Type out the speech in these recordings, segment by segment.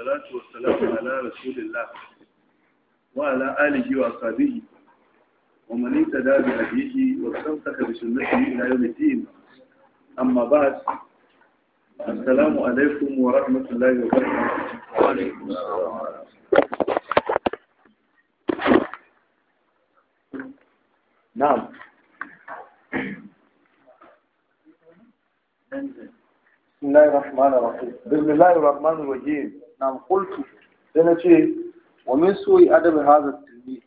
والصلاة والسلام على رسول الله وعلى آله وأصحابه ومن اهتدى بهديه واستمسك بسنته إلى يوم الدين أما بعد السلام عليكم ورحمة الله وبركاته وعليكم السلام نعم بسم الله الرحمن الرحيم بسم الله الرحمن الرحيم na kultu sai na ce wa min soyi adabin hazar tilmi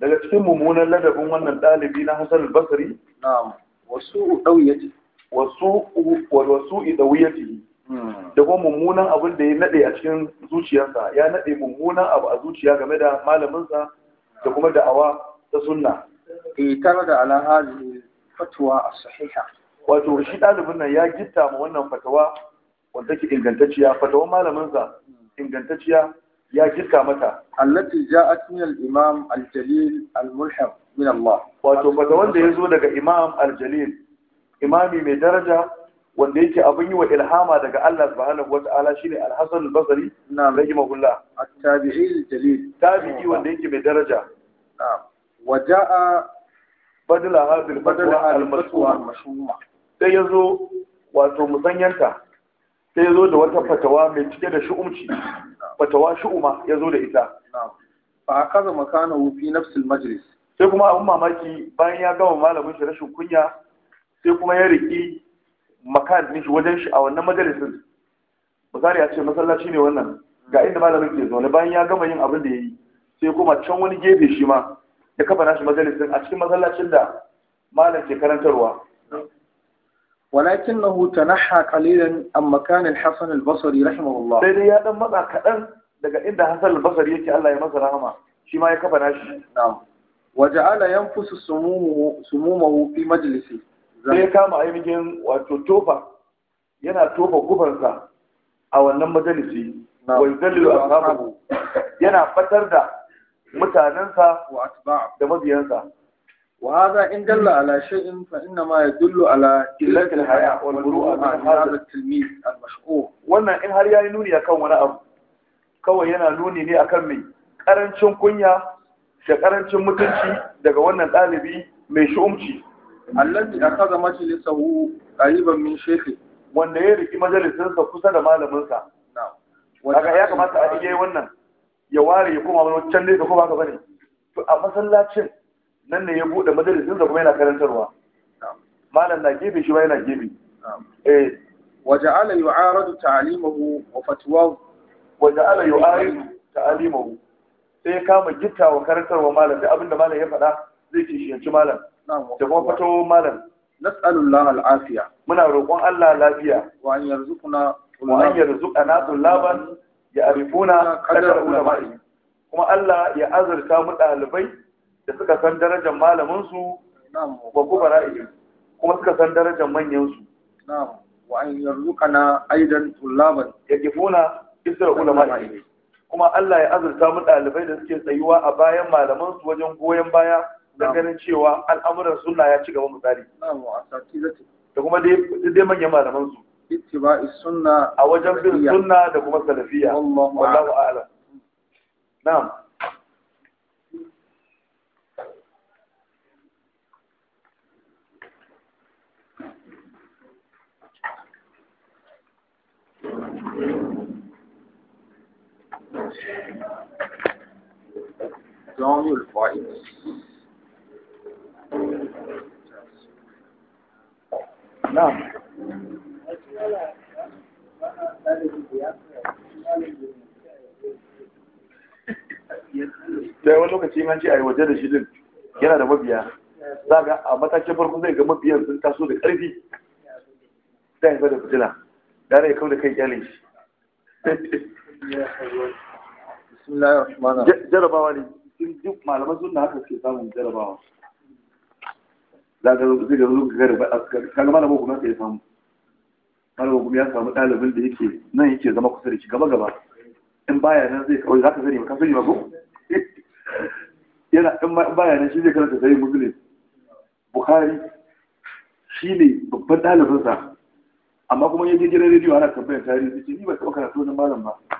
daga cikin mummunan ladabin wannan ɗalibi na hasan albasari na wasu ɗauyati wasu wasu hmm. da kuma mummunan abin da ya naɗe a cikin zuciyarsa ya naɗe mummunan abu a zuciya game da malaminsa da kuma da'awa ta sunna eh, tare da ala hadhihi a sahiha wato shi ɗalibin nan ya gitta ma wannan fatawa wanda ke ingantacciya fatawan malaminsa ingantacciya ya girka mata allati ja'at min al-imam al-jalil al-mulham min Allah wato fata wanda ya zo daga imam al-jalil imami mai daraja wanda yake abin yi wa ilhama daga Allah subhanahu wata'ala shine al-hasan al-basri na rahimahullah at-tabi'i al-jalil tabi'i wanda yake mai daraja na'am wa ja'a badala hadhihi al-badala al-maswa sai yazo wato musanyanta sai ya zo da wata fatawa mai cike da shu'umci fatawa shu'uma ya zo da ita a kaza makanahu fi nafsil majlis sai kuma abin mamaki bayan ya gama malamin shi rashin kunya sai kuma ya riki makan din shi wajen shi a wannan majalisin misali ya ce masallaci ne wannan ga inda malamin ke zaune bayan ya gama yin abin da ya yi sai kuma can wani gefe shi ma ya kafa nashi majalisin a cikin masallacin da malam ke karantarwa ولكنه تنحى قليلا عن مكان الحسن البصري رحمه الله sai ya dan matsa kadan daga inda Hassan al-Basri yake Allah ya masa rahama shi ma ya kafa nashi na'am waja'ala yanfusu sumumuhu sumumahu fi majlisi sai ya kama ainihin wato tofa yana tofa gufansa a wannan majalisi wa yudallilu ashabahu yana fatar da mutanensa da mabiyansa وهذا إن دل على شيء فإنما يدل على قلة الحياء والبروءة من هذا التلميذ المشؤوم wannan in har yayi nuni akan wani abu kawai yana nuni ne akan mai karancin kunya da karancin mutunci daga wannan ɗalibi mai shu'umci allazi akaza majlisahu qariban min shaykhi wanda ya riki majalisinsa kusa da malaminsa kaga ya kamata a dige wannan ya ware ya koma wani can ne da kuma haka bane to a masallacin nan ne ya buɗe majalisin da kuma yana karantarwa malam na gefe shi ba yana gefe eh ja'ala yu'aradu ta'limuhu wa fatwahu ja'ala yu'aridu ta'limuhu sai kama gitta wa karantarwa malam da abinda malam ya faɗa zai ce shiyanci malam da kuma fatwa malam nas'alullah al'afiya muna roƙon Allah lafiya wa an yarzuquna wa an yarzuqana tullaban ya arifuna kadar ulama'i kuma Allah ya azurta mu ɗalibai da suka san darajar malaminsu wa kuma ihim kuma suka san darajar manyansu wa an na aidan tullaban funa isra ulama kuma Allah ya azurta mu dalibai da suke tsayuwa a bayan malamansu wajen goyen baya da ganin cewa al'amuran sunna ya ci gaba misali da kuma dai manyan malamansu, ittiba'i sunna a wajen bin sunna da kuma salafiya. wallahu a'lam na'am جامع الفائد نعم sai wani lokaci man ce a yi waje da shi din yana da mabiya za ga a matakin farko zai ga mabiyan sun taso da ƙarfi sai ya da fitila gara ya kau da kai kyale shi jarabawa ne duk malaman sunna haka suke samun jarabawa zaka zai ga zuwa gari ba kaga malamin kuma sai samu Malamai kuma ya samu ɗalibin da yake nan yake zama kusa da shi gaba gaba in baya nan zai kawai zaka sani ba ka sani ba ko yana in baya nan shi zai karanta sai muslim bukhari ne babban ɗalibinsa amma kuma yake je gidan rediyo ana tambayar tarihi ce ni ba taɓa karatu wani malam ba